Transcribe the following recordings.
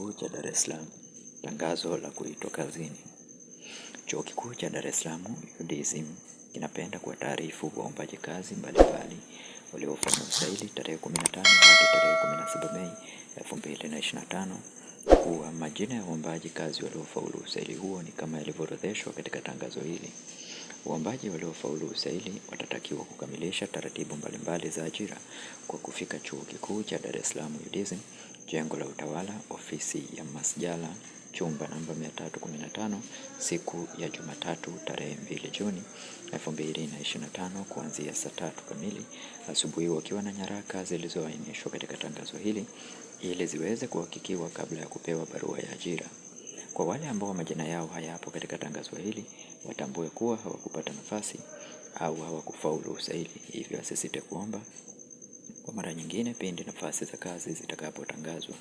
Kikuu cha Dar es Salaam, tangazo la kuitwa kazini. Chuo Kikuu cha Dar es Salaam UDSM kinapenda kuwataarifu waombaji kazi mbalimbali waliofanya usaili tarehe 15 hadi tarehe 17 Mei 2025 kuwa majina ya waombaji kazi waliofaulu usaili huo ni kama yalivyoorodheshwa katika tangazo hili. Waombaji waliofaulu usaili watatakiwa kukamilisha taratibu mbalimbali za ajira kwa kufika Chuo Kikuu cha Dar es Salaam UDSM Jengo la Utawala, Ofisi ya Masjala, chumba namba 315, siku ya Jumatatu tarehe 2 Juni 2025 kuanzia saa tatu kamili asubuhi, wakiwa na nyaraka zilizoainishwa katika tangazo hili ili ziweze kuhakikiwa kabla ya kupewa barua ya ajira. Kwa wale ambao majina yao hayapo katika tangazo hili, watambue kuwa hawakupata nafasi au hawakufaulu usaili, hivyo asisite kuomba kwa mara nyingine, pindi nafasi za kazi zitakapotangazwa,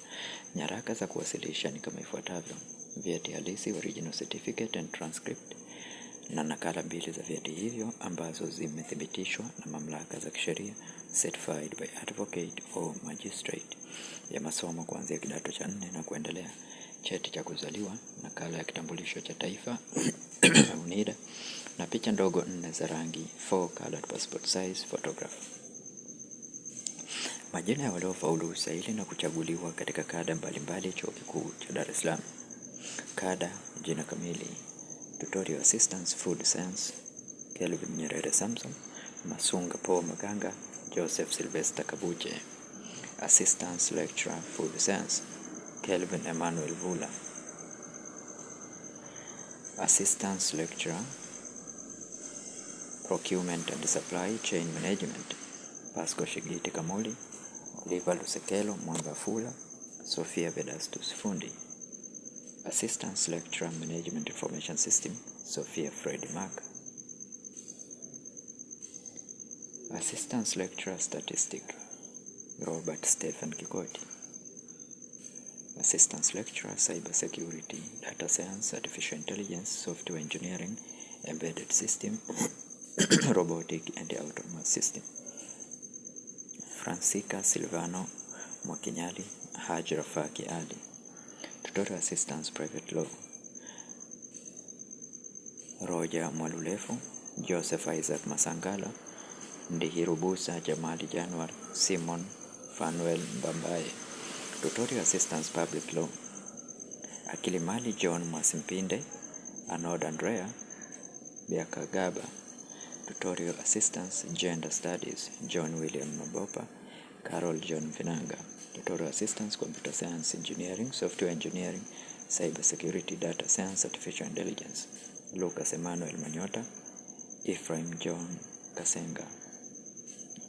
nyaraka za kuwasilisha ni kama ifuatavyo: vyeti halisi original certificate and transcript, na nakala mbili za vyeti hivyo ambazo zimethibitishwa na mamlaka za kisheria certified by advocate or magistrate, ya masomo kuanzia kidato cha nne na kuendelea, cheti cha kuzaliwa, nakala ya kitambulisho cha taifa UNIDA, na picha ndogo nne za rangi, four colored passport size photograph. Majina ya waliofaulu usaili na kuchaguliwa katika kada mbalimbali Chuo Kikuu cha Dar es Salaam. Kada: jina kamili Tutorial Assistance Food Science, Kelvin Nyerere Samson, Masunga Paul Maganga, Joseph Sylvester Kabuche. Assistance Lecturer Food Science, Kelvin Emmanuel Vula. Assistance Lecturer Procurement and Supply Chain Management, Pasco Shigiti kamoli Oliver Lusekelo Mwambafula, Sophia Vedastus Fundi. Assistant Lecturer Management Information System, Sophia Fred Mark. Assistant Lecturer statistic Robert Stephen Kikoti. Assistant Lecturer Cyber Security, Data Science, Artificial Intelligence, Software Engineering, Embedded System, Robotic and Autonomous System. Francisca Silvano Mwakinyali Haji Rafaki Ali, Tutorial Assistance Private Law, Roger Mwalulefu, Joseph Isaac Masangala, Ndihirubusa Jamali Januar, Simon Fanuel Mbambaye, Tutorial Assistance Public Law, Akilimali John Mwasimpinde, Anod Andrea Biakagaba Tutorial Assistance Gender Studies John William Mabopa, Carol John Vinanga. Tutorial Assistance Computer Science Engineering, Software Engineering, Cyber Security, Data Science, Artificial Intelligence. Lucas Emmanuel Manyota, Ephraim John Kasenga.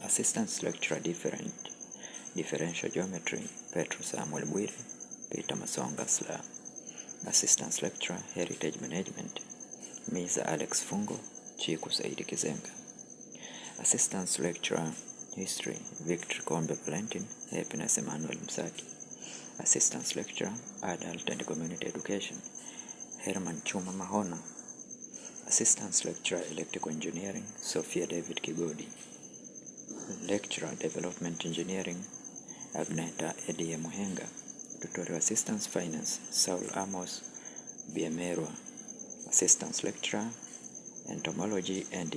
Assistance Lecturer Different Differential Geometry, Petro Samuel Bwire, Peter Masonga Sla. Assistance Lecturer Heritage Management, Ms. Alex Fungo, Chiku Saidi Kizenga, Assistant Lecturer History Victor Kombe Valentin, Happiness Emmanuel Msaki, Assistant Lecturer Adult and Community Education Herman Chuma Mahona, Assistant Lecturer Electrical Engineering Sophia David Kigodi, Lecturer Development Engineering Agneta Edie Muhenga, Tutorial Assistant Finance Saul Amos Biemerwa, Assistant Lecturer Entomology and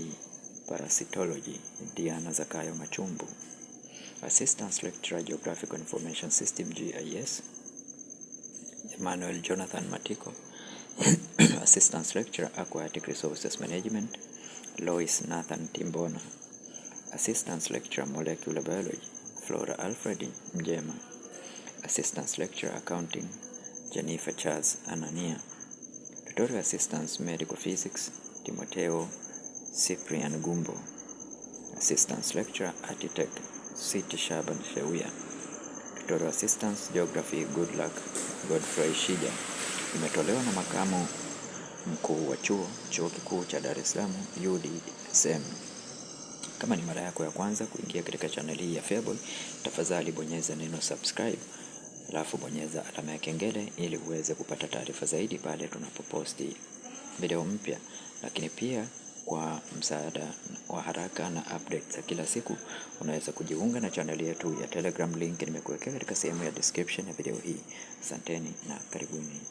Parasitology, Diana Zakayo Machumbu. Assistant Lecturer Geographical Information System GIS, Emmanuel Jonathan Matiko. Assistant Lecturer Aquatic Resources Management, Lois Nathan Timbona. Assistant Lecturer Molecular Biology, Flora Alfred Mjema. Assistant Lecturer Accounting, Jennifer Charles Anania. Tutorial Assistance Medical Physics, Timoteo Cyprian Gumbo, Assistance Lecturer Architect City Shaban Shewia, Tutorial Assistance Geography Luck Godfrey Shija. Imetolewa na makamu mkuu wa chuo Chuo Kikuu cha Dar es Salaam UDSM. Kama ni mara yako ya kwanza kuingia katika channel hii ya Feaboy, tafadhali bonyeza neno subscribe, alafu bonyeza alama ya kengele ili uweze kupata taarifa zaidi pale tunapoposti video mpya. Lakini pia kwa msaada wa haraka na updates za kila siku, unaweza kujiunga na chaneli yetu ya Telegram, link nimekuwekea katika sehemu ya description ya video hii. Asanteni na karibuni.